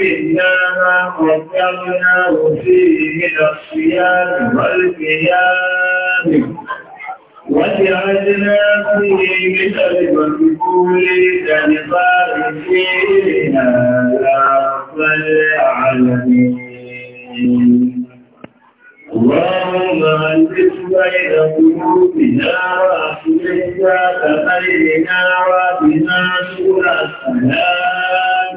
إنا ما قدرناه فيه من الصيام والقيام وجعلنا فيه من المقبول للظالمين يا رب العالمين اللهم ألبس بين قلوبنا وأصلح ذات بيننا وبنا سورة السلام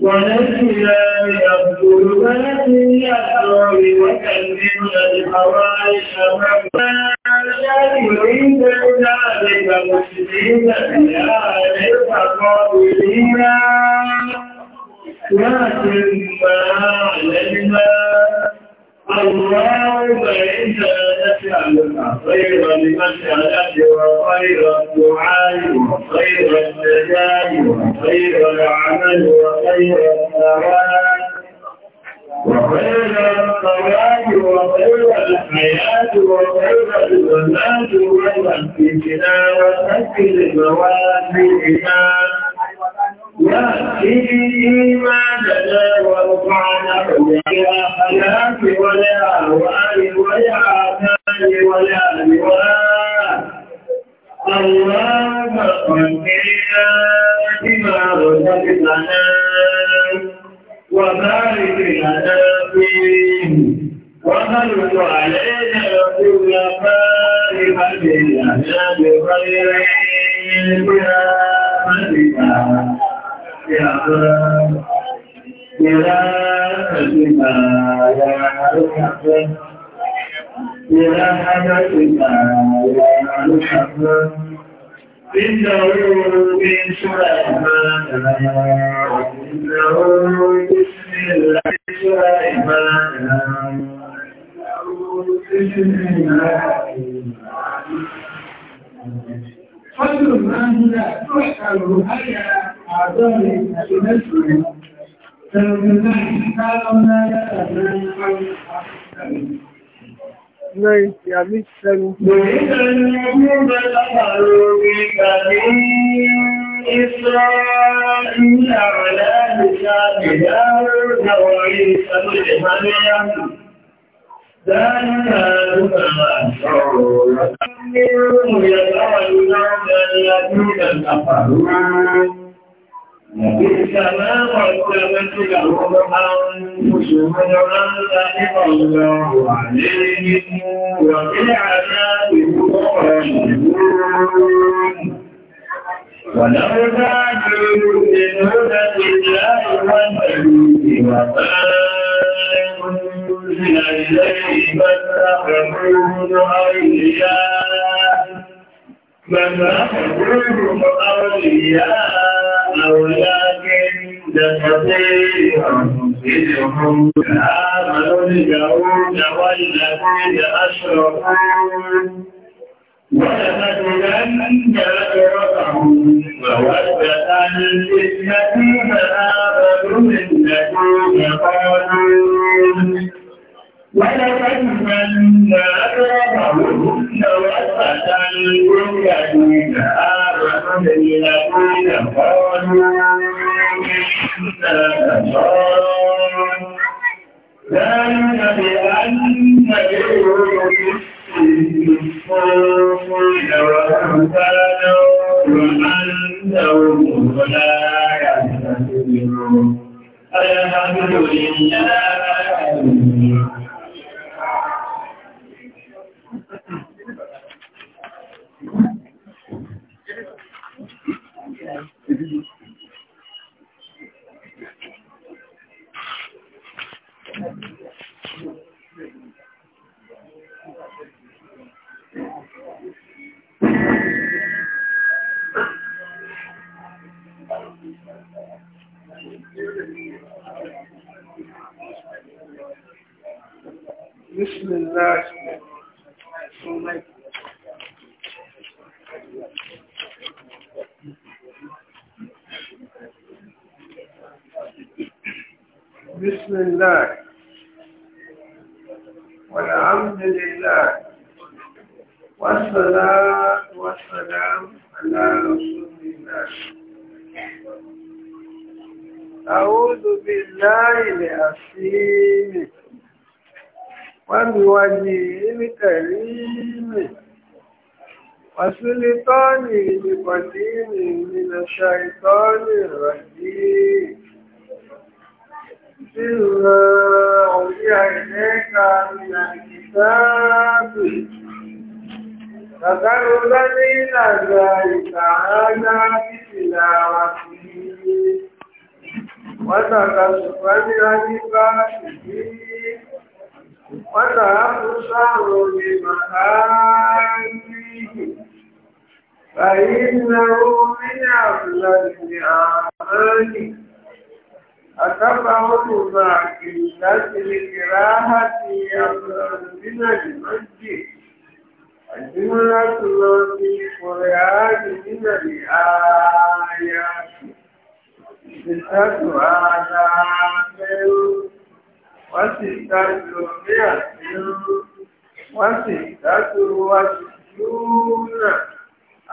ونجنا من الظلمات إلى النور وكلمنا الحوائج من كان يريد ذلك مسلمين بآل القائلين لكن ما علمنا اللهم إن إنت نسألك خير المسألة وخير الدعاء وخير النجاة وخير العمل وخير الثواب وخير الثواب وخير الحياة وخير الممات وخير الفتنة وخير المواد بالإيمان يأتي إيماننا ورفعنا يا حياة ويا أهوال ويا آثار ويا أهوال اللهم فكرنا بما رزقتنا وبارك لنا فيه وخلق علينا كل فارقة لنا بخير برحمتك الأبرار براحة ما يعرفه براحة ما يعرفه إنه من سليمان إنه بسم الله سليمان خير ما هنا تحكم هيا أعذاري أبنشر Nine, you have missed seven. إسرائيل على لسان داود وعيسى بن مريم ذلك بما شعروا يدعون الذين كفروا السماء والسماء أنفسهم وما سحب الله عليهم وبالعذاب هم ولو كانوا يؤمنون بالله والنبي وما أنزل إليه فاتخذوه أولياء بما حضور أولياء ولكن لتطيعهم إذهم آمنوا الجهود والذين أشركوا ولتجدن أجرهم مودة للذين آمنوا الذين قالوا ولقد منا أكرمهم نوبة للذين آمنوا الذين قالوا إنا نصارى ذلك بأن اليهود الصوفين وأمثالا وأنهم لا يهتدون الحمد لله individuals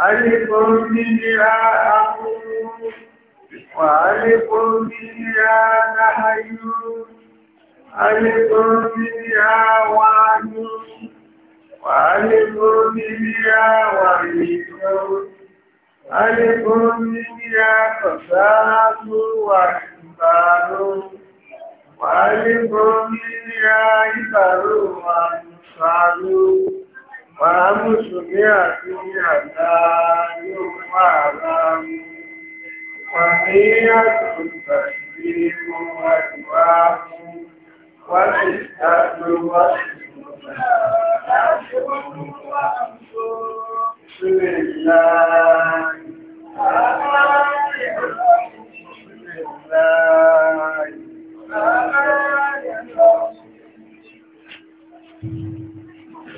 ألف منها أقول وألف منها نهي ألف منها وعد وألف منها وعيد ألف منها فساد وإنبار وألف منها إبر وأنصار Wàá mùsùlùmí àti àdá yóò wà láàá mú. وهي تنفذي وأكواب وكتاب بسم الله بسم الله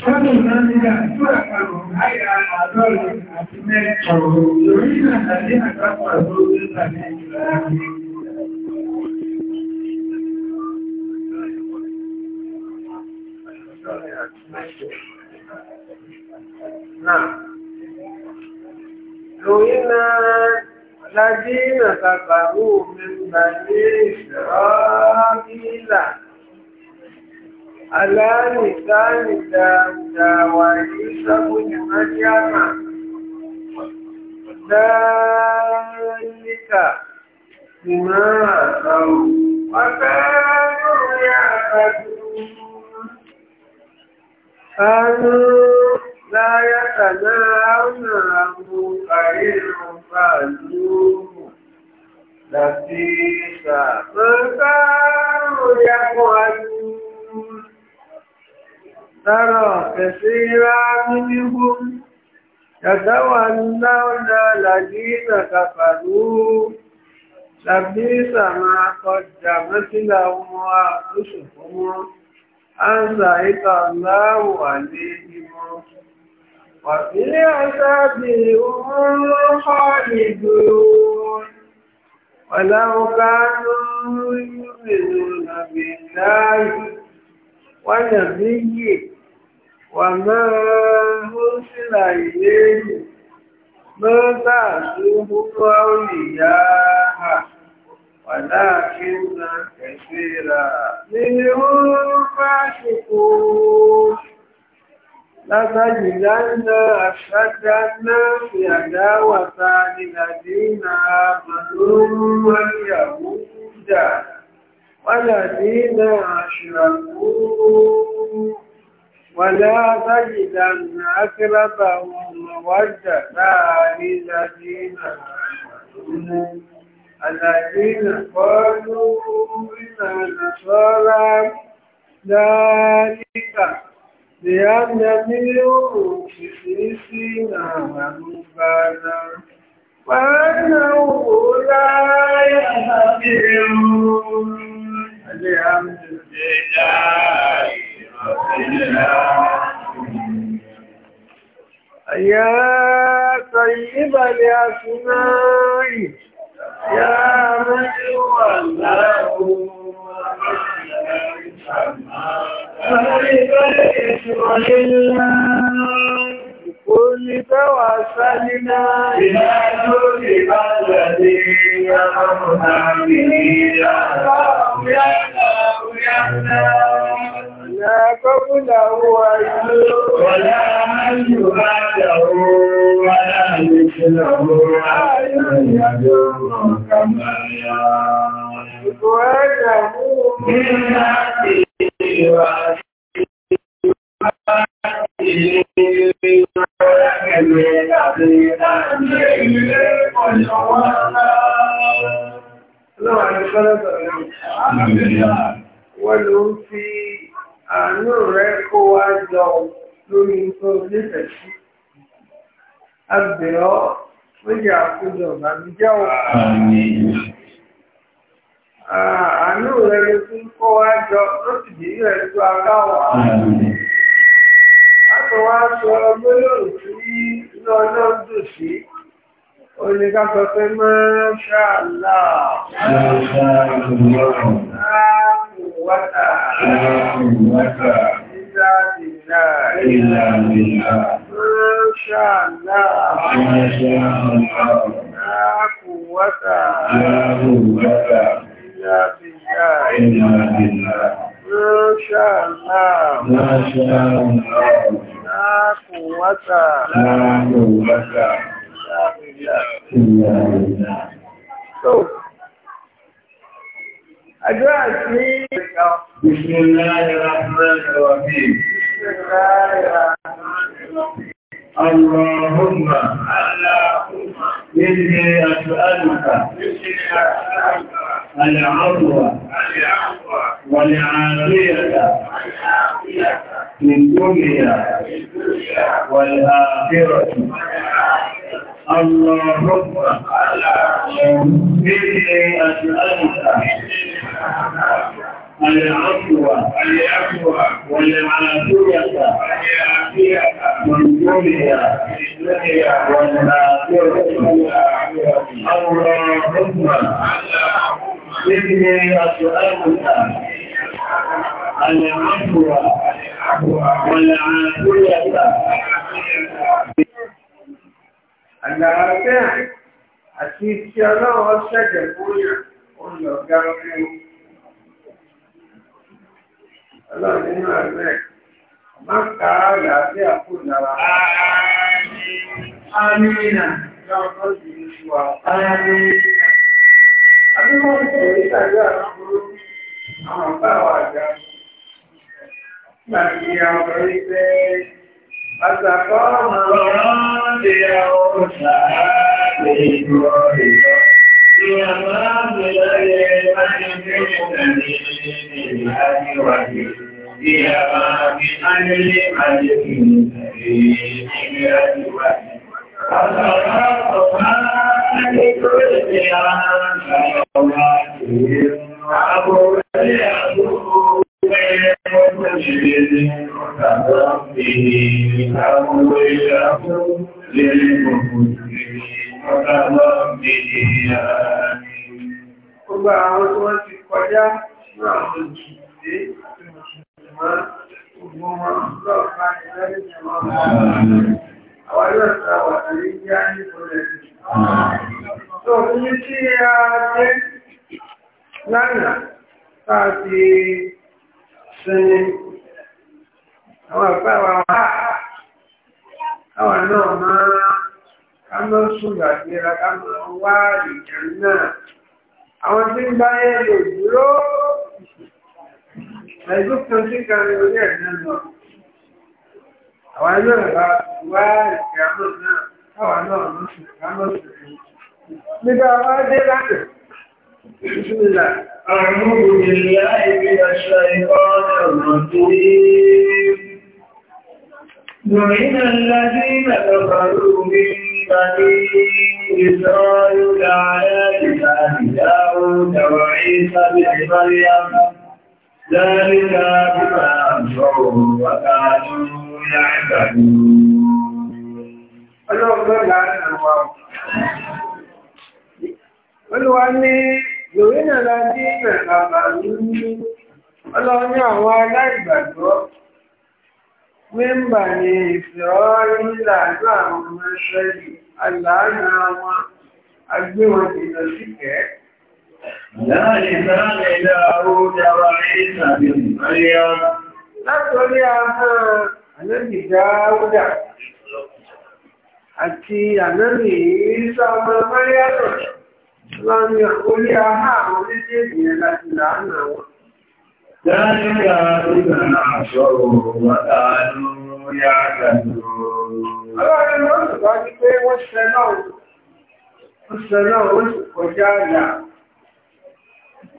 Sọ́nà ìrànlẹ́gbà tí ó àkàrò àìyà àádọ́rin àti mẹ́jọ lórí ìrànlẹ́ àgbàpọ̀ àgbóòrùn ìtàlẹ́ ìrànlẹ́. Náà, lórí náà lájí ìrànlẹ́gbà ó aláàrìsáàrì dáadáa ní sábòjì májíàmà dáadáa ìmọ̀ àtàwò ọ̀fẹ́ lórí àtàjú Àánú láyátà náà áwùnà àmú àrí ìrọ̀fà lóòrùn láti ìsà. Mọ̀ sáàrùn yàkùn àjú ترى كثيرا منهم يتولون الذين كفروا لبئس ما قدمت لهم أنفسهم أن سخط الله عليهم وفي عذابهم خالدون ولو كانوا يؤمنون بالله ونبيه wà máa ó sílà ìlérí mọ́tà tó gbogbo àwọn ìyá hà wà láàkín na ẹ̀fẹ́ rà nínú oòrùn bá ṣòkó látàjì dáńdá àṣájá náà fi àdáwàta nílàdínà àbàlórún wọ́n yàwó dà wọ́n làdínà àṣìràkó ولا تجدن أقربهم مودة للذين آمنوا الذين قالوا إنا نصارى ذلك لأن منهم قسيسين ورهبانا وأنه لا يهتدون لأمر الله يا طيب الأسماء يا من والله طيب الاسم لله كل توسلنا إلى نور الذي يرحمنا به يا الله يا الله يا الله لا قبله ولا من يباده ولا مثله عين يدور كما وله من عبده وعبده ولك من عبده Thank you. bẹ̀ lórí àkójọ ìbànújẹ́ ọ̀. شاء الله لا قوة إلا بالله ما شاء الله لا قوة إلا بالله أدعى بسم الله الرحمن الرحيم بسم الله الرحمن الرحيم اللهم إني أسألك العفو والعافية في الدنيا والآخرة اللهم إني أسألك العفو العفو والعافية العافية من الدنيا والآخرة اللهم إني أسألك العفو والعافية العافية أكيد شرع وشكر قول يا قول يا ọlọ́run nínú àárẹ̀ má ka àlàáfíà kò lára. Amínà lọ́kọ́ sí ìwà Amínà. àwọn burúkú àwọn bá wà àwọn ọ̀rọ̀ àtàkọ́ ọ̀rọ̀ ọ̀rọ̀ ń àwọn ọ̀sà للمؤمنين Gbogbo àwọn tí wọ́n ti kọjá ní àwọn òjìdé àti mùsùlùmọ́ gbogbo wọn lọ́ọ̀ bá ní lẹ́yìn ìjọba wọn. Àwọn yóò sọ wà ní yá ní ìpínlẹ̀. Tó ní tí àwọn náà máa ká má sùnà ìlera ká má wá ìjà náà àwọn tí ń bá yẹ lò dúró ẹ̀dùn kan tí kan ní orí ẹ̀dá lọ àwọn ẹgbẹ́ rẹ̀ bá wá ìjà náà káwa náà ló sùn ká má sùn nígbà wá dé láti ìṣúnilà. أعوذ بالله من الشيطان الرجيم لعن الذين كفروا من بني إسرائيل على لسان داود وعيسى بن مريم ذلك بما أنفروا وكانوا يعتدون Olúwa ní Yorùbá láti ìgbẹ̀ta bàbá ní ọlọ́run ní àwọn aláìgbàgbọ́ mímbà ni ìfìrọ́rí láàájú àwọn ọmọ ṣẹ́lì aláàrin àwọn agbéwọn ìlọ sí kẹ́ láàrin láàrin ilẹ̀ àrúdà wà ní ìtàbí ìmọ̀lẹ́yà látọrí àwọn àlẹ́bì dáúdà àti àlẹ́bì ìrísà ọmọ mẹ́rẹ́lẹ̀ lọ́nà orí àhá àwọn méjèèjì láti láàárín àwọn ذلك إذا عشروا وكانوا يعتدون Ọlọ́run ló ń sọ ní pé wọ́n ṣẹ náà ó ṣẹ náà ó sì kọjá àyà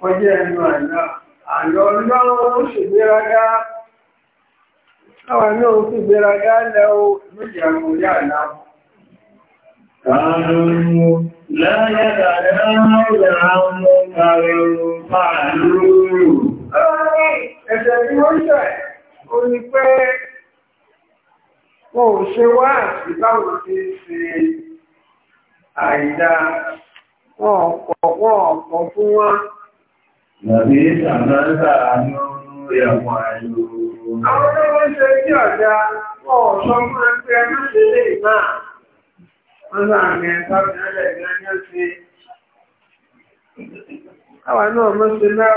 kọjá ẹnu àyà àyọ ọlọ́run ó sì gbéraga káwọn náà ó sì gbéraga lẹ́ o lójì àwọn orí àyà. Kàánú láyé dàdá náà ó yà á mú kàrẹ̀rù pàlú ẹ̀ṣẹ̀ tí wọ́n ṣẹ̀ ó ní pé wọn ò ṣe wá àti báwọn ti ṣe àìdá wọn ọ̀pọ̀ wọn ọ̀pọ̀ fún wa. Nàbí Sàmẹ́ńtà ló ń yẹ̀wọ̀n àìlò. Àwọn tó wọ́n ṣe ní ọ̀dà wọn ò sọ fún ẹgbẹ́ mẹ́sẹ̀lẹ̀ náà. Wọ́n sàmì ẹ̀ka ìrẹ́lẹ̀ ìrẹ́lẹ́ ṣe. Àwọn náà mọ́ṣe náà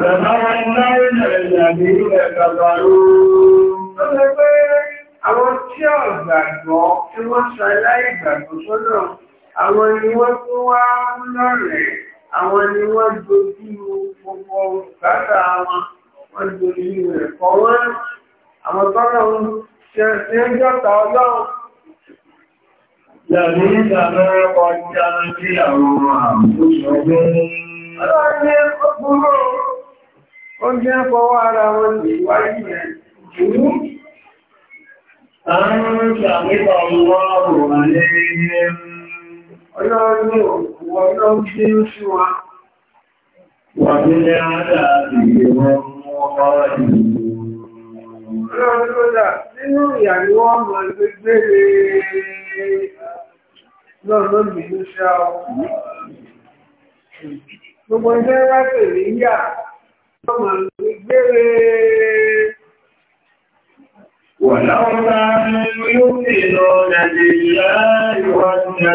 Lẹ̀mọ́rọ̀ iná ilẹ̀ ìyàmí ilẹ̀ gbàgbàrú. Ó lè pé àwọn tí ọ̀gbàgbọ́ tí wọ́n sọ aláìgbàgbọ́ sọ́nà, àwọn ni wọ́n tún wá lọ́rẹ̀, àwọn ni wọ́n dojú gbogbo bàtà wọn, wọ́n dojú ẹ̀kọ́ wọn, àwọn tọ́rọ̀ ṣe ń jọ́ta ọlọ́run. Yàmí ìdàmẹ́ ọjọ́ tí àwọn àmúṣọ́gbọ́n. Ọlọ́run ní ó ó jẹ́ ara wọn lè wáyé rẹ̀ jùú àrùn ṣàmìkọ̀ ọmọ àlẹ́yẹ ọlọ́ọ̀lọ́ òkú ọlọ́ọ̀dé sí wa wà nílẹ̀ àdáàbì ìwọ̀n ọmọ ọlọ́ọ̀lọ́dà nínú ìyàwó ọmọ ìgbẹ́gbẹ́rẹ́ lọ́nà ọmọ ìgbére wọ̀láwọ́ bá yóò nàìjíríà ìwà gba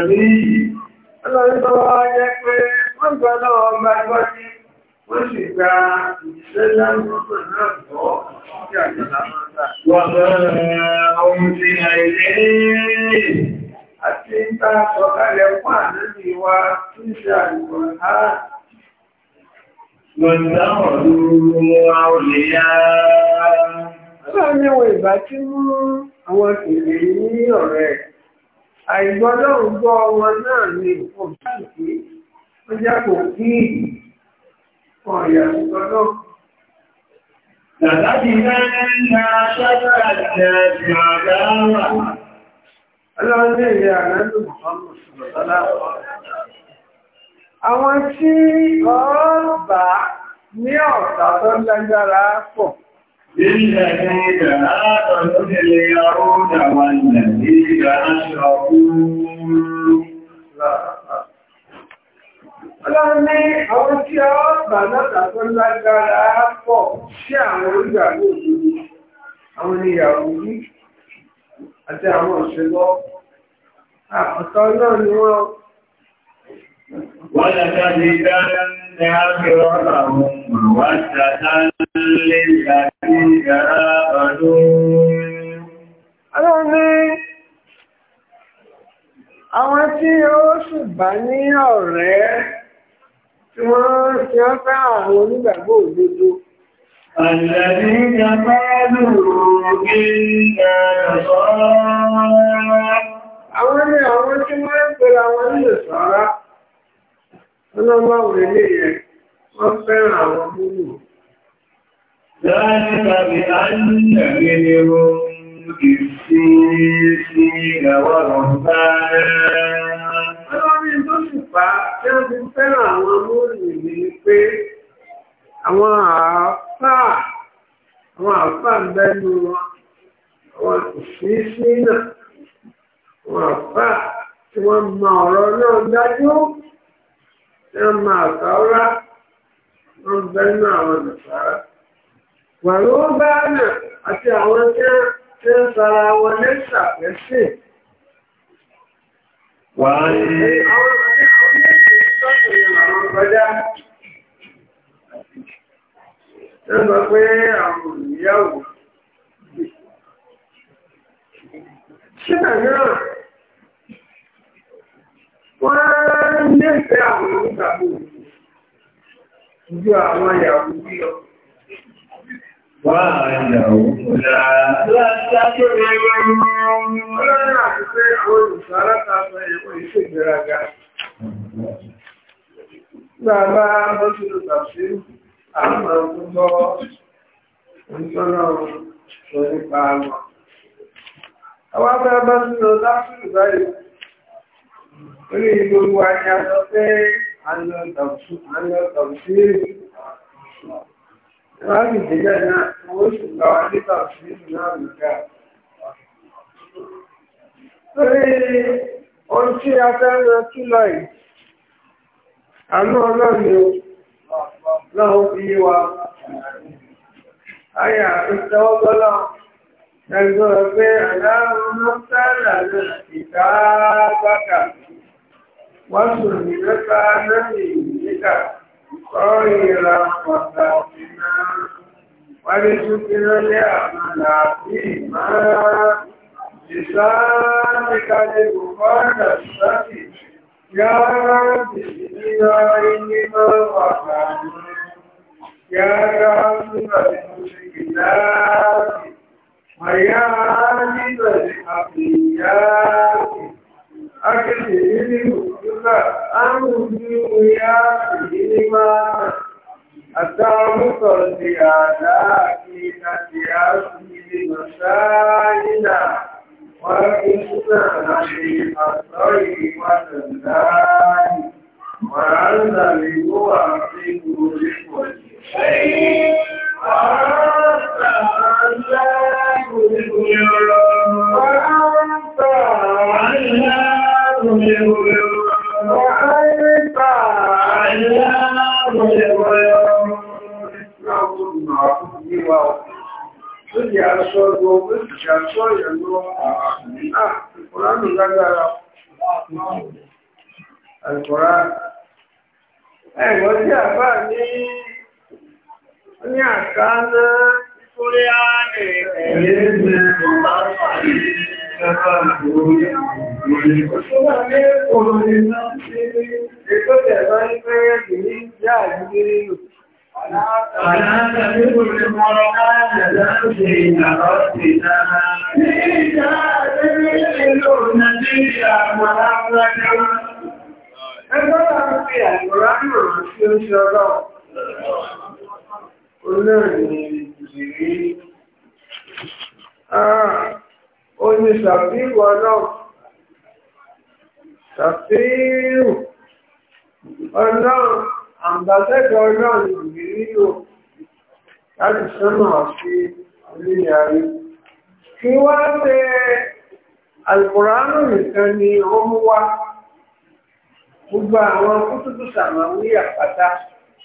náà fún wa tí Àìgbọ́lọ́run gbọ́ wọn náà ni òṣìṣì ó jẹ́ kò kí ọ̀yà ìgbọ́lọ́. Dàdájì mẹ́rin ní aṣọ́gbà àti ẹ̀sìn àgbà wà. Ọlọ́run ní ìrìn àrẹ́lù Mọ̀hánmù Sọ̀rọ̀lá àwọn tí ọ̀ọ́bà ní ọ̀tà tó lágbára pọ̀. Ilẹ̀ ni ìgbà látọ̀ tó lè ọrọ̀ ìdàwà ilẹ̀ ní ìgbà aṣọ Ọlọ́ni àwọn tí ọ̀ọ́bà lọ́tà tó lágbára pọ̀ sí àwọn orígbàgbò àwọn ìyàwó yìí àti àwọn òṣèlọ́. Àkọ̀tọ̀ náà ni wọ́n ولتجدن أكثرهم مودة للذين آمنوا Ọlọ́run ní àwọn tí ó sì bá ní ọ̀rẹ́ tí wọ́n ti ń fẹ́ àwọn onígbàgbọ́ òdodo. Àjẹ́bí ìjọba lòrò bí ìjọba. Àwọn ni àwọn tí wọ́n ń pèrè àwọn onígbàgbọ́ ọlọ́wọ́ ilé yẹn wọ́n fẹ́ràn àwọn múlù. Láàrín tàbí a ń tàbí ní ohun ìsí sí ìgbàwọ́ ọ̀gbá. Ọlọ́rin tó sì fà á tí wọ́n fi fẹ́ràn àwọn múlù ní ń bẹ́nu wọn àwọn ìsísí náà àwọn àáfàá tí wọ́n mọ ọ̀rọ̀ náà dájú. wọ́n máa kàórá wọ́n bẹ́ nínú àwọn nàfàárà pẹ̀lú bá náà àti àwọn wọ́n nífẹ̀ẹ́ àwọn onígbàgbọ́ òkú ju àwọn ìyàwó bí lọ. Wọ́n àwọn ìyàwó kò dáa. Láti àjọ́rò ẹgbẹ́ ọlọ́run àti pé àwọn olùsọ́lá tàbí ẹ̀kọ́ ìṣẹ́ ìgbéraga. Bàbá Bọ́sílù tàbí àwọn ọmọ ìṣọ́nà ọ̀rọ̀ nípa àwọn. Àwọn abẹ́ Bọ́sílù láti ìbáyìí orí gbogbo ayé lọ pé àlọ́tọ̀ọ̀sí láti ìdílẹ̀ náà owó ṣùgbọ́n wà nípa òṣèlú náà nìkà torí ohun tí a fẹ́ rán kí lọ yìí àánú ọlọ́run lọ́wọ́ fi yí wa ayà ìtẹ́wọ́gbọ́lọ́ ẹgbẹ́ rẹ̀ pé àdáhùn náà ìdáábákà sí وسلمك نبيك خير قدامنا ولتكن الأمل فيما لسانك لمخالفة يا رب بإله ما وقعنا يا رب بالمشكلات ويا عالم الحقيقات أكثر أنزل يا سليمان أتعمق الزيادات كتياسي بمسائنا وإن حقيق الطيب والله وأنزل يوافق لكل شيء وأنت الله اليوم وأنت الله اليوم sọ ìyàlú àkùránù lágbára àkùrá ẹ̀wọ́n tí àbá ní ní àkáná ìtúrí ààrẹ ẹ̀rẹ́ Òṣùgbà ní òun ìrìnà sí ẹgbẹ́ ẹ̀bá ń fẹ́rẹ́ sí ní ìjà ìgbéríyò. ولا تبقوا المرآن لنفسي ربنا إذا تبقلون يا محمد Ẹgbọ́n fi àìkòránù tí ó ṣe ọlọ́ olóòrìn ìrìnrìn. Àà, ó ní ṣàfíìwọ̀ ọlọ́ ṣàfíìwọ̀ ọlọ́run àǹdàtẹ́kọ̀ọ́ náà ni ìgbè nílò láti sọ́nà sí ilé ayé. Kí wá ṣe alùpùránù nìkan ni ó mú wá gbogbo àwọn kútùtù sàmàwí àpáta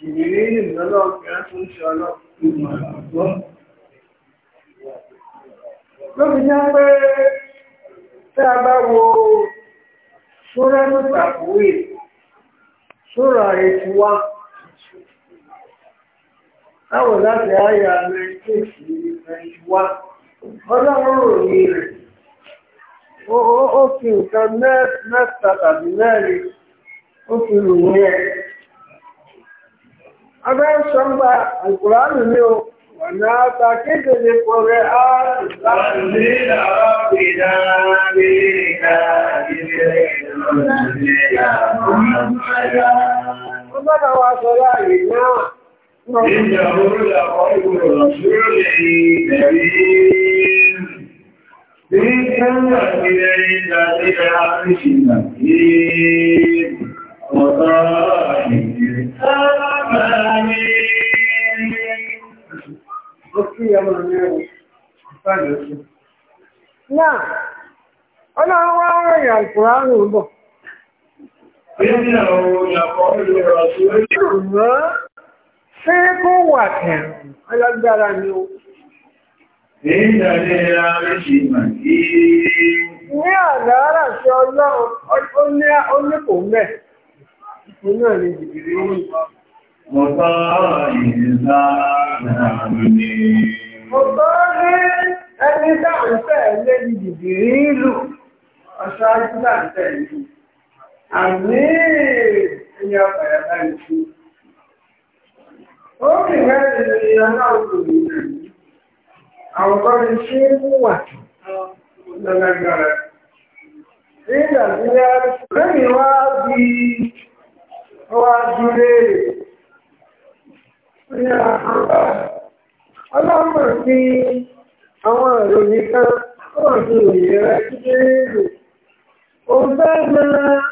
ìgbè nílò lọ́nà ọ̀gbìn tó ń ṣe ọlọ́pàá. Súra eighty one. Táwọn láti àyà Ó fi nǹkan mẹ́ta tàbí mẹ́rin ó fi ọ̀nà àtàkéde láti Náà, ọlọ́run wá rẹ̀ ìyàlùkùránù ń bọ̀. Ṣùgbọ́n ṣé kó wà kẹrùn alágbára ni ó? Ìdàdé ààrẹ ṣe màá kí. Ní àdára sí ọlọ́run, ó ní kò mẹ́. Ìpínlẹ̀ ni jìbìrí ní. Mọ̀tá ìrìnlá náà ní. Mọ̀tá ní ẹni dáa ń fẹ́ lé Amém! E a verdade. Obrigado, Juliana Alcurina. Agora chegou na Nagara. Ainda havia caminhado ao adorei. Ọlọ́pàá sí àwọn ìròyìn kan, ó sì rẹ̀ kí ó ń bẹ́ẹ̀ náà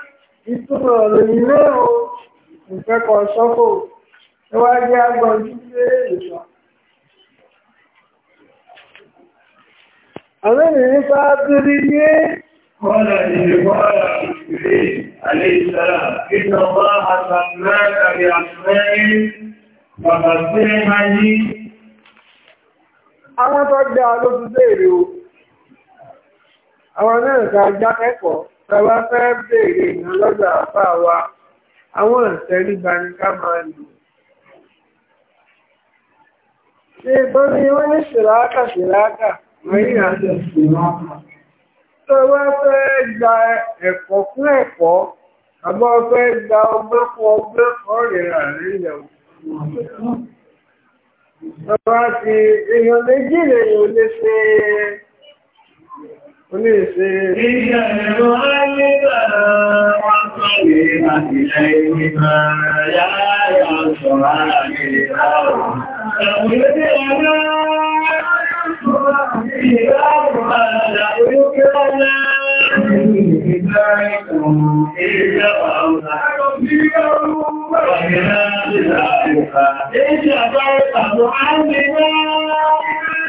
ìtumọ̀ ìròyìn náà o ìfẹ́kọ̀ sọ́kò níwájú agbọ̀n jíjẹ́ ìsọ. àwọn ènìyàn bá bírí ní Kọ́lá ìrìnwá ìrìn àlẹ́ ìsára, ìtànwá àtàrà àrí àṣírí, bàbá sí máa ní. Àwọn tó gbá ló ti dé ìrìn o. Àwọn náà ta já kẹ́kọ̀ọ́. Bàbá fẹ́ béèrè ìran lọ́dọ̀ àbá wa, àwọn ìtẹríba ni ká máa lò. Ṣé ìbọ́ni wọ́n ní ṣìláàkà ṣìláàkà lórí àjọ ṣìláàkà? Tó fẹ́ gba ẹ̀kọ́ fún ẹ̀kọ́, àbọ̀ fẹ́ gba ọgbọ́n fún rẹ̀ ti èèyàn méjì lèèyàn lè ṣe é. Oní ìṣe ìṣẹ́ ẹ̀rọ ayé tààrà wọ́n tó lè láti ẹ̀yìn ìmọ̀ yára ọ̀ṣọ́ àmì ìràwọ̀. Ẹ̀wọ̀n tí ọ̀rọ̀ ìràwọ̀ àdà olókè ọ̀lá ìgbàrẹ̀kùn ìjọba ọ̀lá. Ẹ̀wọ̀n tí ọ̀rọ̀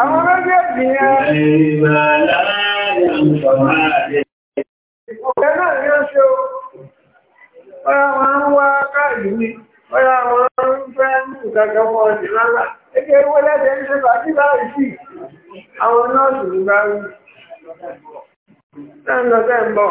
Àwọn méjèèjì yẹn. Ìgbẹ́ náà ni ó ṣe o. Bọ́yá wọn ń wá káàdì ni, bọ́yá wọn ń fẹ́ ní ìdájọ́ fún ọdún lára. Eke ewé lẹ́sẹ̀ ń ṣe bàtí báyìí sí. Àwọn nọ́ọ̀sì ń gbárù. Náà ń lọ bẹ́ẹ̀ ń bọ̀.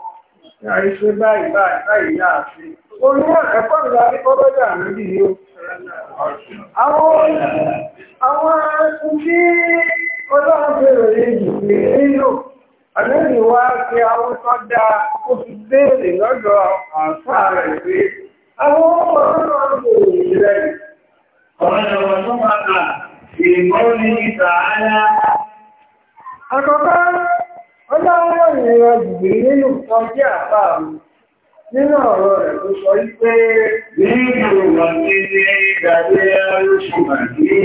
àìṣe báyìí báyìí báyìí náà ṣe olúwọ̀ ẹ̀kọ́ ìlà kíkọ́ lọ́jà méjì ni ó àwọn tí ọlọ́run bèèrè èjì lè nílò àlẹ́lì wá kí àwọn tó dá ó fi béèrè lọ́dọ̀ àṣà ọlọ́wọ́ ìrìnà jùgbì nínú kan àpá mi nínú ọ̀rọ̀ rẹ̀ tó sọ wípé nínú ìwọ̀nì ní ìgbàdé arúṣù màdí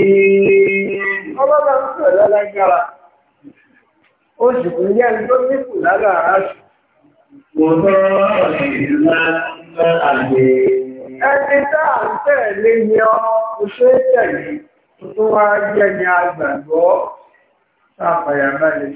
ọlọ́lá ń pẹ̀lú alágbára ó sì kún ẹni tó nípò lára aṣù Ẹni ń tẹ̀lé ni ọ, òṣèré tẹ̀lé, tó wá jẹ́ ni àgbàgbọ́, sáàpàyàbálẹ̀.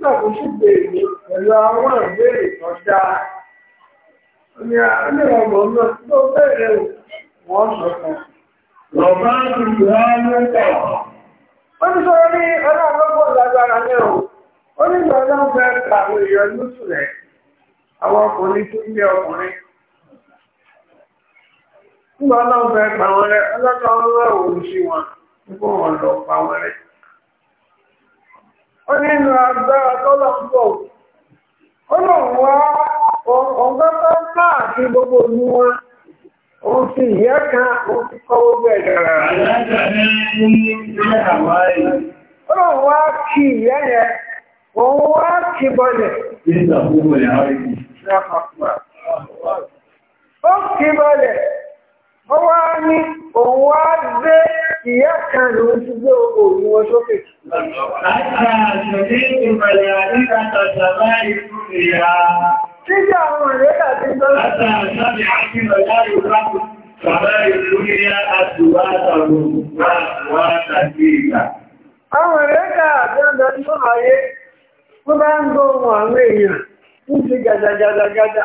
ṣàkóṣùgbè mi pẹ̀lú àwọn ìbéèrè tó dáa. Omi àádọ́rọ̀mọ̀ náà tó bẹ̀rẹ̀ wọ́n sọ fún. ọkụkọ. ti rà lọ́pọ̀. Ó ti sọ ní ọlọ́pọ̀ ní ó nínú agbára tọ́lọ̀ ń bọ̀ ó lòun wá ọ̀gbọ́tọ́ káàkiri gbogbo ìlú wọn òun ti ìyẹ́ kan òun ti kọ́ gbogbo ẹ̀dàrà ó lòun wá kí ìyẹ́ yẹn ó wá ní òun wá gbé ìyá kan lòun ti gbé òun wọn sókè. Títí àwọn ìrẹ́lá ti gbọ́. Látàrí àti ìrọ̀lá ìrọ̀lá Bàbá ìlú ní àtùwà àtàrò wà àtàrí ìgbà. Àwọn ìrẹ́kà àjọ́dọ̀ tí ó máa yé, wọ́n bá ń gbọ́ ohun àwọn èèyàn, ń ti gàjàgàjàgàjà.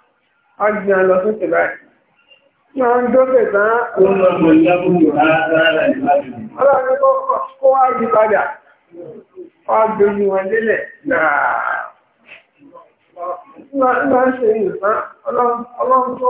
ọgbìn lọ sí ti báyìí. Máa ọla dókè tán. Ọlọ́run kó wá rí padà. Ọgbìn wọn délẹ̀ náà. Máa ń ṣe ìfán, ọlọ́run tó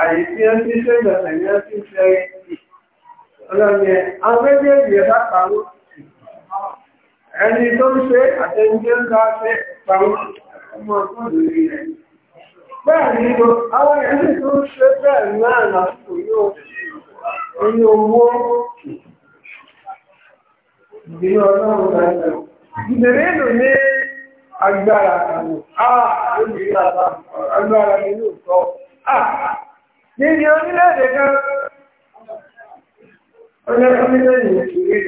àyè tí wọ́n ti ṣe ti ṣe ẹni tó ń ṣe àtẹnudẹ́ ń bá ṣe pàwọ́ ọmọ ọdún rẹ̀ bẹ́ẹ̀ ni lo àwọn ní àwọn agbára ah, nínú ìtọ́ níbi orílẹ̀-èdè kan ọjọ́ orílẹ̀-èdè ìṣúrí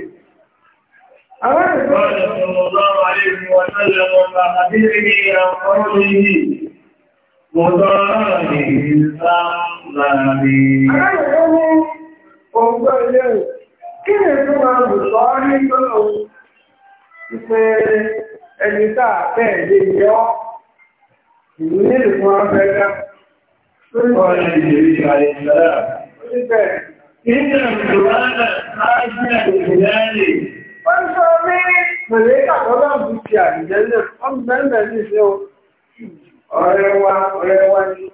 àwọn ìgbà ọ̀rọ̀ àlejò wọn tẹ́lẹ̀ wọn bá àti ní àwọn ọ̀rọ̀ yìí Mọ̀tọ́ rẹ̀ ìsáàmà rí. Àwọn ìwọ́n ní ọgbọ́n ilé rẹ̀, kí ni ìtumọ̀ àbùsọ́ ní lọ́nà ìpé ẹni tàà bẹ́ẹ̀ lè yọ́ ìlú nílùú fún afẹ́ká? Ọ̀rẹ́ wa, ọ̀rẹ́ wa ni,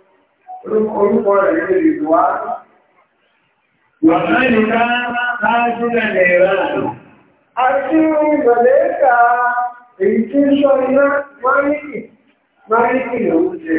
orúkọ rẹ̀ ní ìwá. Wà náà ní ká láájú lẹ́nà ìrà. A tí ìgbẹ̀lẹ́ta èyí tí ń ṣọ́ iná, máa ní ìlú jẹ.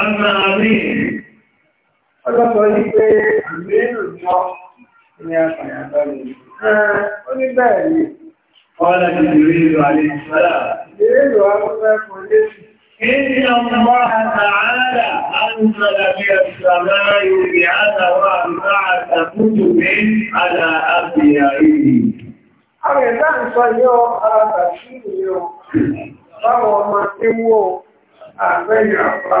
Ọ̀nà àmì ọlọ́pọ̀ ní pé àmì ìlú mọ́ ní àpàyàtọ̀ Àwọn ọmọ tí wó àgbẹ̀yìn àpá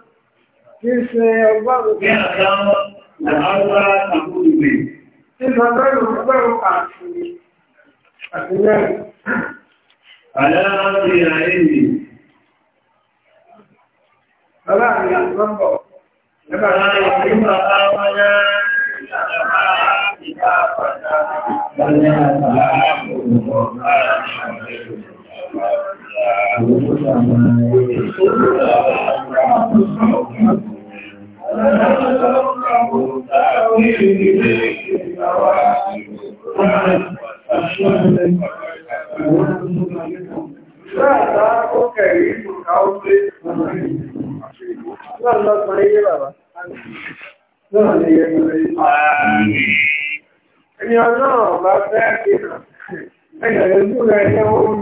Kí ṣe ọgbọ́rùn-ún? Kí ṣe ọgbọ́rùn-ún? Kí ṣe ọgbọ́rùn-ún? Àti mẹ́rin. Àlẹ́ àti ìràyè yìí. Bàbá mi àti lọ́pọ̀. Ẹgbà láàrín ìgbà àwọn ọmọ yẹn. Ìjọba ìgbà àwọn ọmọ yẹn. Ẹni ọlọ́run bá fẹ́ kí ẹ̀yẹ̀ lójú rẹ̀ ẹ̀yẹ̀ wọ́n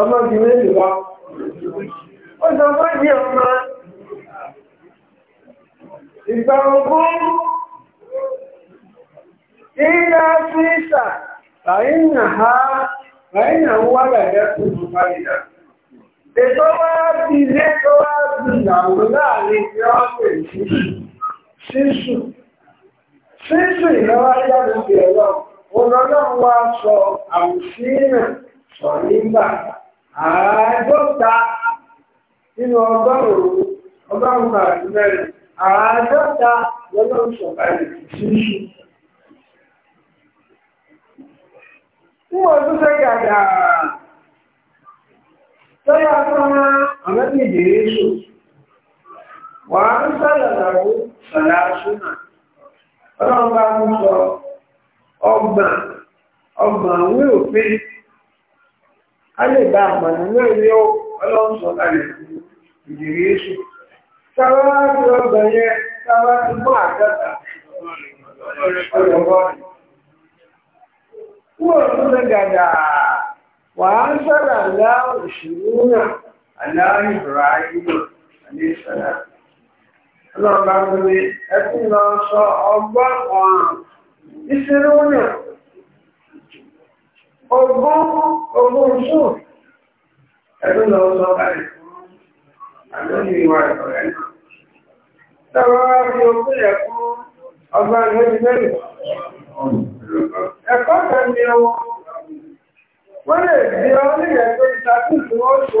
ọmọ di méjì lọ ó sọ fún ìdí ọmọ ìgbà ìyá fíìsà ràyìnà ha fún ètò wá bí wá bí ìyàwó láàrin ní ọ́pẹ̀ sísù sísù wá sọ àwùsí náà ọ̀nìgbà àádọ́ta nínú ọgọ́rùn-ún ọgọ́rùn-ún àti mẹ́rin àádọ́ta lọ́lọ́run sọ̀kalẹ̀ ṣíṣú. Fún ọdún fẹ́ gàdà lọ́yà fọ́nrá àmẹ́bí wà ń ọlọ́run bá ń sọ ọgbà ọgbà òfin a lè gba àmàlà náà ní ìdìrí èṣù sáwá ọgbà yẹn sáwá ti mú àgbàtà ọlọ́gbọ́n wọ́n tún lè gàdà wàá náà àlá Ibrahim àlẹ́sàlá ọlọ́run ogún ogún ṣù na lọ sọ kalẹ̀ àlóyìn ìwà ìfọ̀rẹ́ náà tọ́wọ́ wá fi ogún yẹ fún ọgbà lórí mẹ́rin ẹ̀kọ́ kan ní ọwọ́ wọ́n lè fi ọ nílẹ̀ pé ìtàkùnkù wọ́n ṣò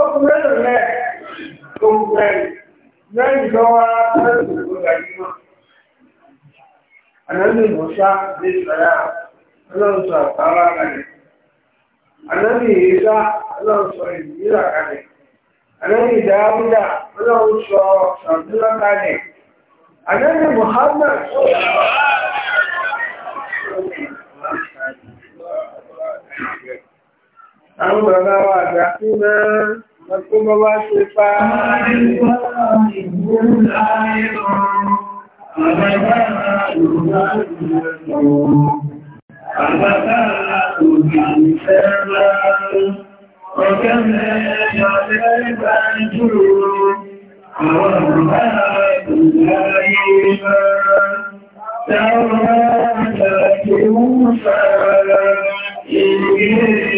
ó kú mẹ́rin rẹ̀ tó kú mẹ́rin mẹ́rin lọ́wọ́ mẹ́rin tó gbàgbé mọ́. Ànábì Mùsá ní Sàrà ọlọ́run sọ àtàrà kalẹ̀. Ànábì Ìsá ọlọ́run sọ ìdílà kalẹ̀. Ànábì Dáúdà ọlọ́run sọ Sàdúrà kalẹ̀. Ànábì Mùhàmmad sọ̀rọ̀. àwọn bàbá wa àgbà fún náà ẹkún bọ́ bá ṣe pa Ọjọ́ mẹ́rin ọjọ́ ẹgbà jùlọ, àwọn ọ̀rọ̀ ìgbàláyé bá, tí a rọ̀ ọjọ́ ìwúfà ìgbèrè.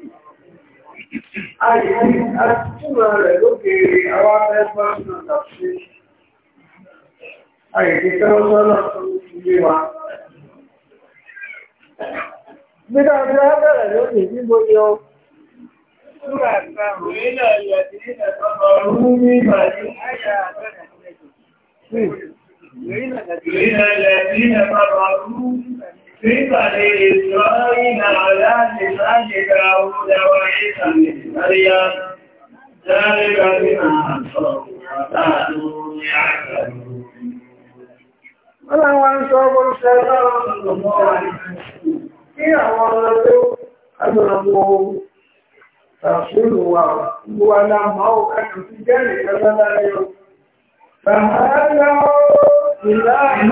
àìsí tí a bẹ̀rẹ̀ lónìí ní mo yọ Súra àtàrò بني إسرائيل على لسان داود وعيسى بن مريم ذلك بما عصوا وكانوا يعتدون Ọlọ́run sọ ọmọ ìṣẹ́lá ọmọ kí àwọn ọlọ́dọ́ agbọ̀nàmọ́ ṣàṣúlù wà gbogbo aláàmọ́ ọkàtà sí jẹ́ ìṣẹ́lá láyọ̀. Bàbá láwọ́ Aṣẹ́gun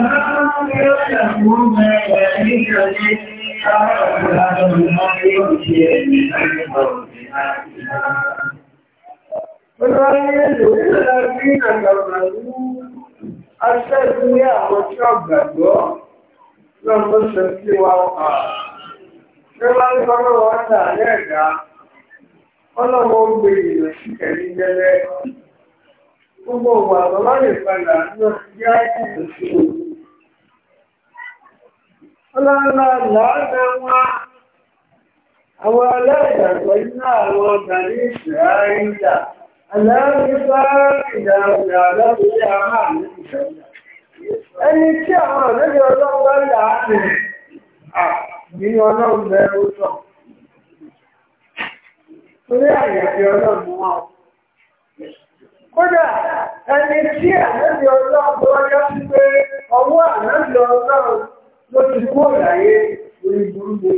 ní àwọn ní ẹ̀dá? Ọlọ́wọ́ gbogbo wà lọ́wọ́ lè padà lọ sí àìsàn sí ọlọ́lá làádá wá àwọn aláìdàgbọ́ iná àwọn ọ̀gbàní ìṣẹ̀ráìdà aláàrífà ìdàrúdà lọ́pẹ̀lẹ̀ àmà ní ìṣẹ̀lẹ̀ ẹni tí àwọn ọ̀lẹ́dẹ̀ ọlọ́pàá láàárín ní ọlọ́run lẹ́rú sọ torí àyàfi ọlọ́run wọn Kódà ẹni tí àlẹ́bí ọlọ́run tó sí pé ọwọ́ àlẹ́bí ọlọ́run ló ti kó ìlàyé orí burúkú.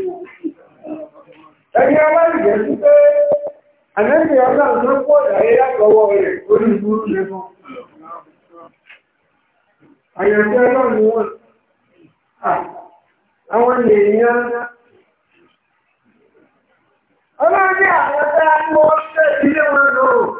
Ẹni aláìjẹ́ sí pé àlẹ́bí ọlọ́run ló kó ìlàyé látọwọ́ rẹ̀ orí burúkú. Àwọn ọlọ́run ní àwọn wọn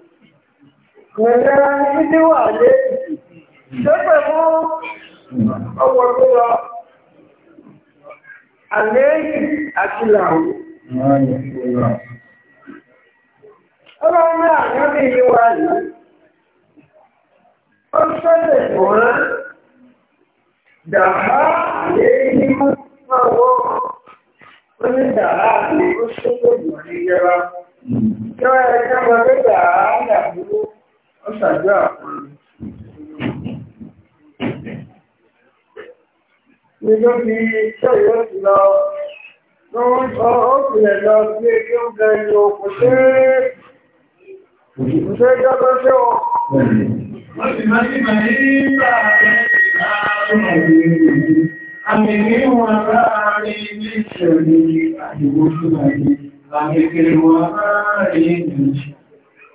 Mẹ̀lẹ́ ndị wà lé ṣẹ́pẹ̀ fún ọwọ́ tó lọ, àlẹ́ àti làwó. Ọlọ́run mẹ́ bụ ní ilé wa yìí, ó ṣẹlẹ̀ fún dàbá lé ní máa wọ́ onídàá àti ó ó ṣàdúrà fún mi ló fi ṣẹ́yìn ó ti lọ ló ń sọ ó tilẹ̀ lọ sí kí ó bẹ ní òkú ṣe kò ṣe jọ́tọ́ ṣé o. wọ́n sì máa ní màá ní bá a fẹ́ Àmì ní wọn láàárín ní ìṣẹ̀lẹ̀ àdìgbò fún àyè, àmì kiri wọn láàárín ní ìṣẹ̀lẹ̀.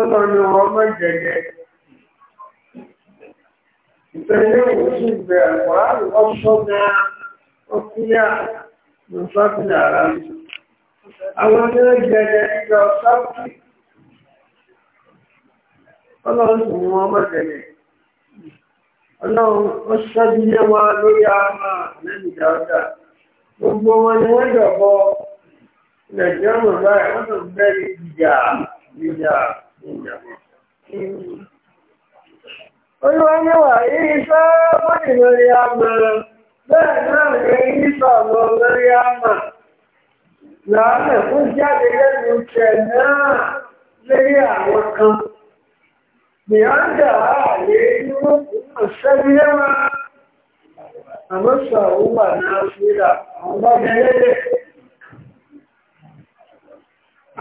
ọ̀nà ni wọ́n mọ̀ jẹ̀jẹ̀. Ìtẹ̀lé wò sí ìgbẹ́ àkọ́rá ọ̀ṣọ́ náà ọkùnrin àmọ́sábìlẹ̀ ara mi. Àwọn ní ó jẹ̀jẹ̀ ìjọ sábìlì. Ọlọ́run sì ni wọ́n mọ̀ jẹ̀jẹ̀. Ọlọ́run ó ṣẹ́bílé wa lórí àmà lẹ́nu dáadáa. Gbogbo wọn ọgbọ na jọ̀bọ ilẹ̀ jẹ́rùn dị dị Olúwa ní wà ní iṣẹ́ bọ́dì lórí agbẹ̀rẹ̀, bẹ́ẹ̀ náà ní ìsọ̀rọ̀ lórí àmà. Làálẹ̀ fún jáde lẹ́nu tẹ̀ náà lérí àwọn kan. Mìírànjà ààyè inú ọ̀sẹ́bílẹ́wà. Àmọ́sọ̀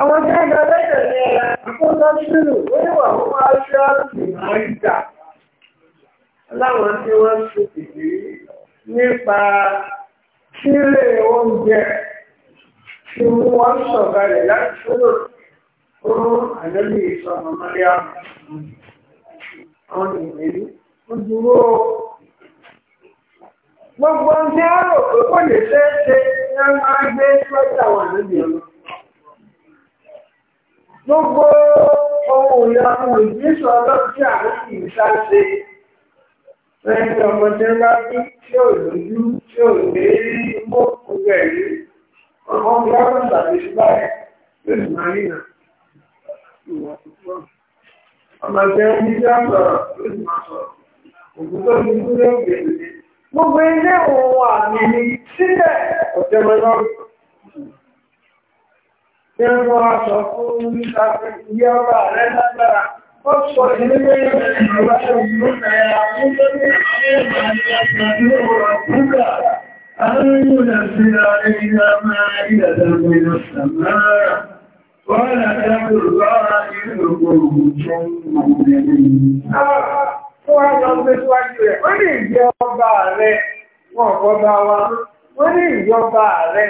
àwọn tí ẹgbẹ̀ lẹ́gbẹ̀ ní àkóso sínú wíwà wọ́n máa ṣe àti àìjà láwọn tí wọ́n ṣe tìbí nípa sílé oúnjẹ tí wọ́n sọ̀kalẹ̀ láti sọ́dọ̀ fún àlẹ́bí ìsọ̀nà maria àwọn ìwérí ó dúró gbogbo ní àrò pé kò lè ṣeé ṣe ní a máa gbé sọ́jà wà níbi ọ̀nà gbogbo ohun ìyanu ìgbésọ̀ ọlọ́sí àwọn ìṣàṣe lẹ́yìn ọmọdé bá bí tí ò lójú tí ò lè rí mọ́ gbogbo ẹ̀rí ọmọ ọmọdé tàbí síbáyé ló sì máa rí nà ọmọdé ní dáàbọ̀ ló sì máa sọ̀rọ̀ òkú tó ní kúrò gbèrè gbogbo ilé òun àmì sílẹ̀ ọ̀tẹ̀mọ́lọ́rùn Ẹ̀rọ aṣọ fún nípa ìyá ọba rẹ̀ lágbára. Ó sọ ìdílé ìjọba ìlú ẹ̀yà fún lórí ẹ̀rọ ìlú ọ̀rọ̀ púpà. Àwọn ìlú Nàìjíríà ẹ̀yà máa ìdàdà ìlú Sàmárà. Wọ́n rà dábò lọ́ra ìlú ògùn tó ń mọ̀ ẹ̀yìn. Ó wá lọ gbé síwájú rẹ̀. Wọ́n ní ìjọba rẹ̀ wọ́n kọ́ bá wa. Wọ́n ní ìjọba rẹ̀.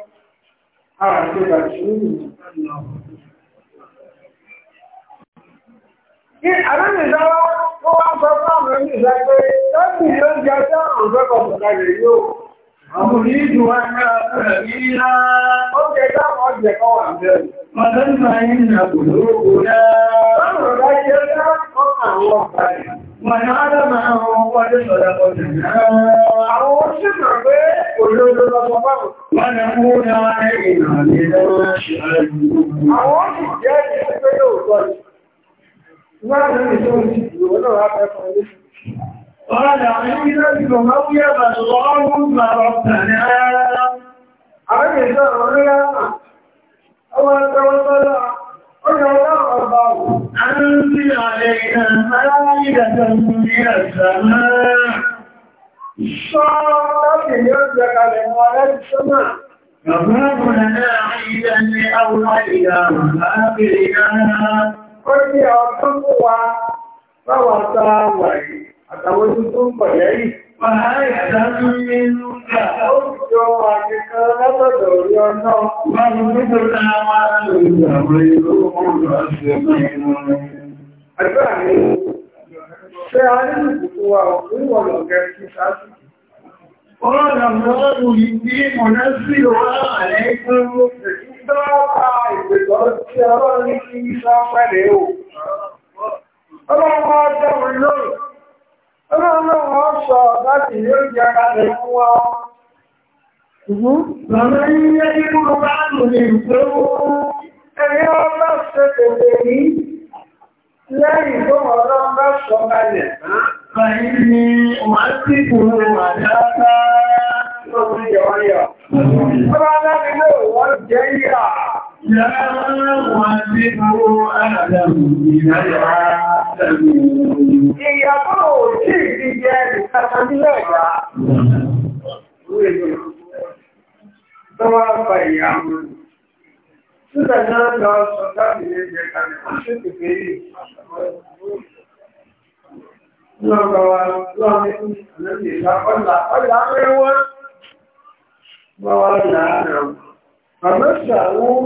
Kí àrẹ́mìsáwá tó wá ń sọ fáwọn ẹ̀mìsá pé lọ́pù yóò jẹ́ ọjọ́ òfẹ́kọ̀ pọ̀tàlẹ̀ yóò. Àwọn onídù wá ń rẹ̀ ọ̀rẹ̀ nílá. Ó jẹ́ táwọn ọjẹ́ kọ́ wà bẹ̀rẹ̀. Mọ̀lẹ́mìsá yìí nà kò lóòkó náà. Mọ̀nà Ádámà àwọn ọmọdé sọ̀rọ̀ ọdún náà. Àwọn oṣìṣẹ́ pé olóòdó lọ́pọ̀ báwọn. Mọ̀nà mú náà ìrìnàlè lọ́wọ́ ṣe Àwọn oṣìṣẹ́ jẹ́ ìṣẹ́ pé lóòtọ́ Ìwádìí ìṣẹ́ òṣìṣẹ́ òun náà wá fẹ́ fún ilé. قال عيدا بن مريم اللهم ربنا عيدا رجلا أولا وطلع أنزل علينا الملائكة من السماء صارت يرزق لنا السماء نظام لنا عيدا لأولئنا وآخرنا قل يا رب وتوسع وعي أتوسع وعي Fàáyàdá nínú ìgbà ó jọ àkíkọ́ látọ̀dọ̀ orí ọ̀nà wà ní nígbòrò àwọn àrùn ìgbàmọ̀ ìlú ọmọ ọ̀sẹ̀ mẹ́rin. Àgbà ní ṣe a nínú ìgbòkó wa òkúrò lọ̀gẹ́ sí sáàtì. Ọlọ́dà mọ́rún ìdí mọ̀ná sí wà àlẹ́kùn ìgbàpá ìgbẹ̀gọ́ tí Ọlọ́run wọ́n sọ láti ilé oúnjẹ ara rẹ̀ fún wọn. Bàbá yíyẹ nínú bá nù ní ìgbéró. Ẹni ọba ṣe tètè lẹ́yìn tó ọlọ́run bá sọ balẹ̀. Bàbá ní wọ́n ti kúrò wà dáadáa. Ọlọ́run wọ́n jẹ́ yà. Ìyàbọ̀ òjì ìdíjẹ́ ìtàkàndílẹ̀ ìrà. Tọ́wọ́ àpá ìyàmù. Ṣúta náà lọ sọ̀tá ìlé jẹ́ kàrì, ṣe kèfè yìí. Lọ́gbà wa lọ́mí lórí ìlàkọ́lá, ọlá mẹ́wọ́n. Bọ́wọ́ láàárọ̀. Àmọ́ṣà wọ́n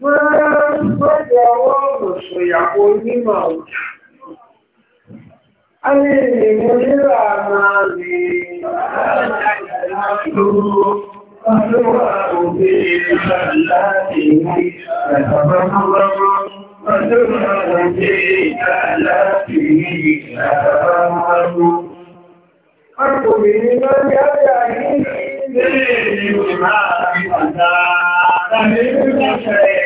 máa ń gbọ́dọ̀ ọwọ́ ọ̀sọ̀ ìyàwó onímọ̀ ọ̀jà. A lè lè mú rírà máa lè lọ́wọ́ ọlọ́wà òbí ìrìnà láti ní ẹ̀sàbámọ́lọ́wọ́. Ọjọ́rọ̀ òjé ìjà láti ní ìṣàbámọ́lọ́wọ́. Ọkùnrin ló ń yára ní ilé ìlú máa fi pàdá. Tàbí ó ń ṣẹ̀rẹ̀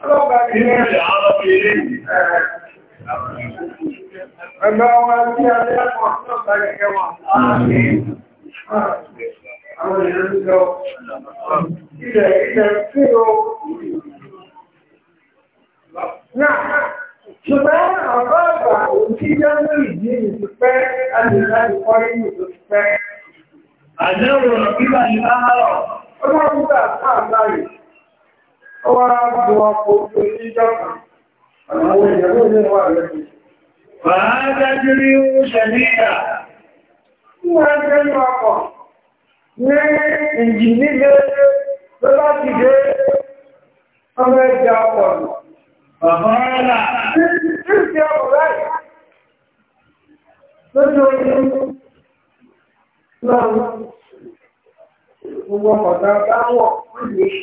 Ẹgbẹ́ ọmọ tí a lẹ́pọ̀ tó bá gẹ́gẹ́ wọn. Àwọn ìrìn lọ. Ilẹ̀ ilẹ̀ tí ó. Náà, ṣùgbọ́n àwọn àgbà òun tí jẹ́ ní ìdí ìdí pẹ́ alìláàrí kọ́ inú tó ti pẹ́. Àjẹ́ òun ìgbà ìlàárọ̀. Ó máa ń gbà ọwọ́ ààbò ọkọ̀ òkú ní ìjọba àwọn ìyàwó ní wà rẹ̀ máa dájú rí oúnjẹ níta wọ́n jẹ́ ní gbogbo ọ̀dá bá wọ̀ fún ìlú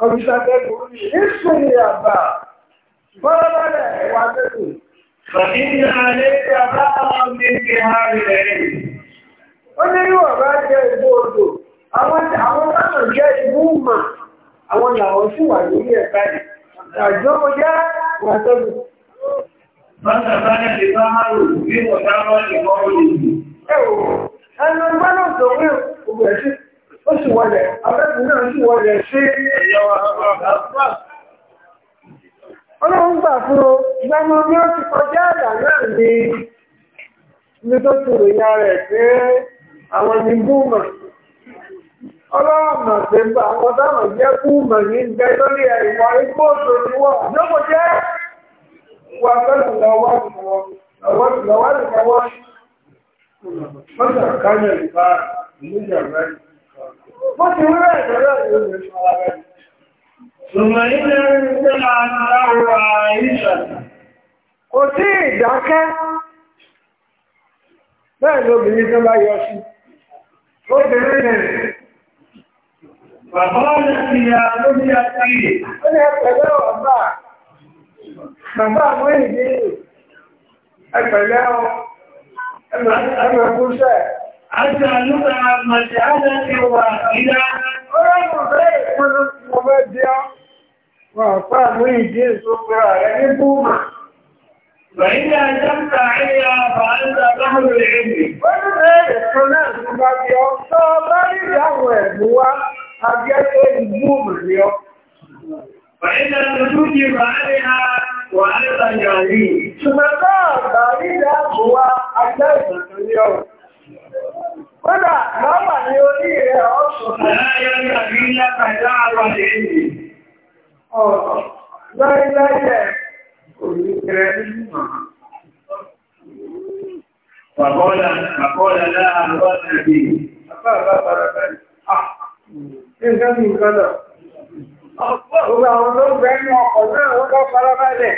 onye ní ìṣòro àbá bọ́lọ́bọ́lẹ̀ ẹ̀wà àwọn àwọn wà lórí ẹ̀ka Àjọ mo jẹ́ ti bá bí ó sì wọlẹ̀ abẹ́kùn náà sì wọlẹ̀ sí ọlọ́run gbà fún o gbàmọ́ bí ó ti kọjá àgbà náà ni ní tó ti ròyìn rẹ̀ pé àwọn ní búmọ̀ ọlọ́ọ̀mọ̀ pé bá àwọn táwọn jẹ́ búmọ̀ ní ìgbẹ́ lórí ẹ̀wọ̀ lóko jẹ́ wà Wọ́n ti rí rẹ̀ ìdọ́rọ̀ ìlú ìṣọ́lá rẹ̀. Ṣùgbọ́n ilẹ̀ ìṣẹ́ àtàrà àìṣẹ́. Kò sí ìdákẹ́. Bẹ́ẹ̀ lóbìnrin tó bá yọ sí. Obìnrin rẹ̀. Bàbá ọ̀nà ti yà lóbi àti ó ní ẹ̀pẹ̀lẹ́ ọ̀bá. Bàbá أجعلها مجعلة واحدة فإذا جمت عليها فأنت بحر العلم. فإذا تجوجب عليها وأنت جاهلي. ثم قال بعيدا هو أجل اليوم. Kódà lọ́wà ní orí rẹ̀ láyé ní lápàdá àwọn èèyàn. Ọ̀rọ̀ láyé láyé òní rẹ̀ nímọ̀. Bàbọ́lá, bàbọ́lá láàrín wọ́n tàbí. Bàbá bàbá bàbá bàbá. Ah, ṣe ń gẹ́mì nǹkan lọ. Ọ̀pọ̀ òun àwọn olóògbẹ́ ní ọkọ̀ náà wọ́n kọ́ farabalẹ̀.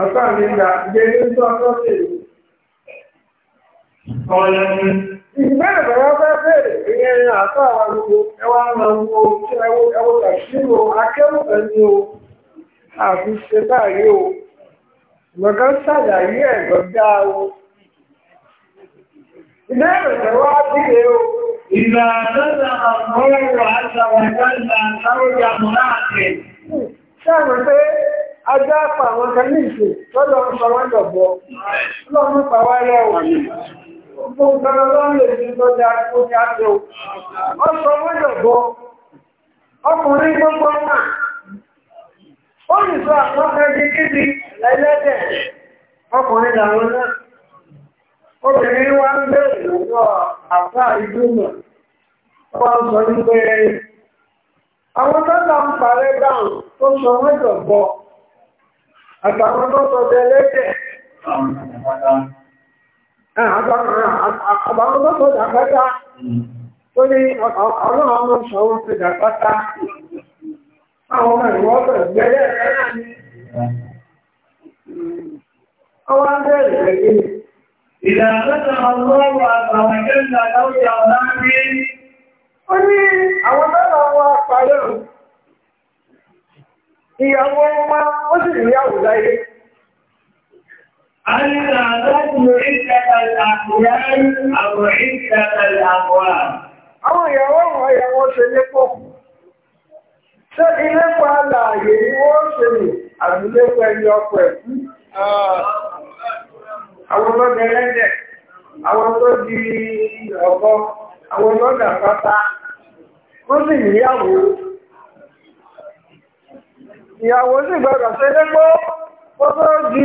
Àpá mi gbà, jẹ́ ní ọjọ́ ọjọ́ Bọ́ọ̀lẹ́ ní. Ìgbẹ́rẹ̀ bẹ̀rẹ̀ fẹ́ bẹ̀rẹ̀ ìyẹn àtọ́ àwọn gbogbo ẹwà máa ń wo kí ẹwọ́ ẹwọ́ àṣírò akẹ́rùbẹ̀ ni o. Àfi ṣe o. Ìgbọ̀gá ṣàlàyé ẹ̀gbọ́n dá o. Ìgbẹ́rẹ̀ bẹ̀rẹ̀ wá o. Gbogbo nǹkan lọ́rùn Ọ sọ naa. O n'iso Ọkùnrin àwọn tọ́ta ń parẹ́ dáhùn tó sọ bọ́. Àtàwọn Àbáwọn tó ó ní ní àwọn mẹ́ta a. أردنا عدة Àwọn ìyàwó àwọn ìyàwó ṣe lépo. Ṣé ilépa alààyè ni wọ́n ṣe lè àdúlépa ẹni ọkọ̀ ẹ̀kú? Àwọn ọlọ́dẹ ẹlẹ́dẹ̀, àwọn tó di ọ̀gọ́, àwọn ọlọ́dà pátá, ó sì níyàwó. Ìyàwó sì gbọdọ̀ ṣe lépo, ó tó di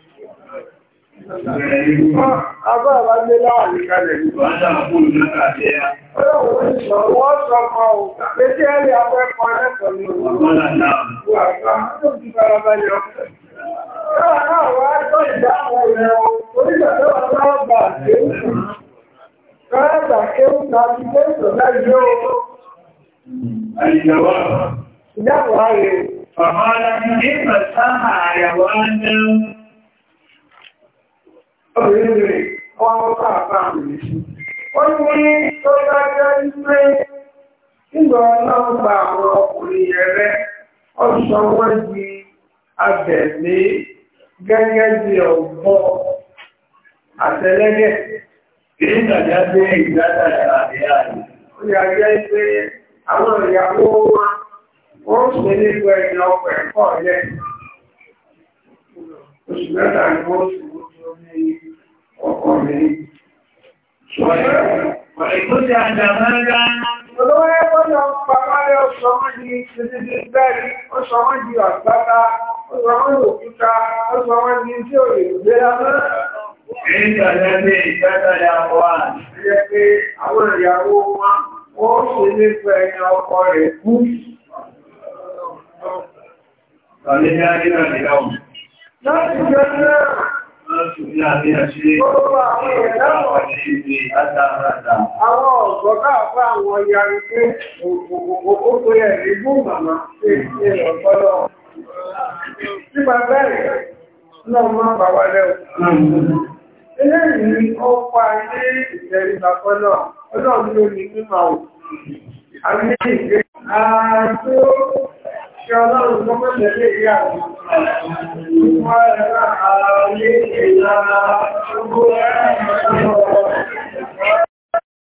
Àbá àbá gbé láàrin kalẹ̀ ìgbà àjàmàkú ìjọta àti ẹ̀yà. Ọlọ́run ń sọ wọ́n sọ kan ò pé tí ẹ lè apẹ́ kan ẹ̀kọ́ ní ọ̀pọ̀ àjá. Wà á tó ti fara balẹ̀ ọ̀pọ̀. Náà náà wá tọ́ ìdáhùn rẹ̀ o, onígbàtọ́ wà náà bà kéwù. Kọ́ẹ̀bà kéwù ta ti gbé ìtọ́lá ìjọ o. Àìjọwọ́. Ìdáhùn ayé. Ọ̀pọ̀ ọ̀la ti dé pẹ̀sán àyàwó obìnrin rẹ̀ wọ́n wọ́n kọ́ àpá àmì sí. ó ní tó bá jẹ́ wípé nígbà náà gba àwọn ọkùnrin yẹn rẹ̀ ó sọ wọ́n di abẹ̀mí gẹ́gẹ́ bí ọ̀bọ àtẹlẹ́gẹ̀. èyí tàbí ọkùnrin. Ìgbóṣe àjàmọ́lá olówó ẹgbọ́n lọ pàpàrẹ ọ̀sọ̀wọ́n di ṣìṣìṣì bẹ́ẹ̀rí, ọ̀sọ̀wọ́n di ọ̀gbátá, ọ̀sọ̀wọ́n òkúta, ọ̀sọ̀wọ́n di tí ò lè gbé lábẹ́. Ìgbàlẹ́gbẹ̀ ìgbàlẹ́ àwọn wà. Ilé pé àwọn ìyàwó wọn, wọ́n ṣe lé pẹ̀ ẹni ọkọ rẹ̀ kú. Ọ̀lẹ́ni Àwọn ọ̀gọ́gá àwọn yàrí pé òkú ẹ̀ rí bú màmá sí Nípa bẹ́ẹ̀ náà máa bà lẹ́wọ̀. Ilé ìrìn ó pa ní ìtẹ̀rí bàkọ́lọ̀, ọlọ́run ló ní mímọ̀ ṣe ọlọ́run tó mọ́ tẹ̀lé ìyá àwọn ọmọ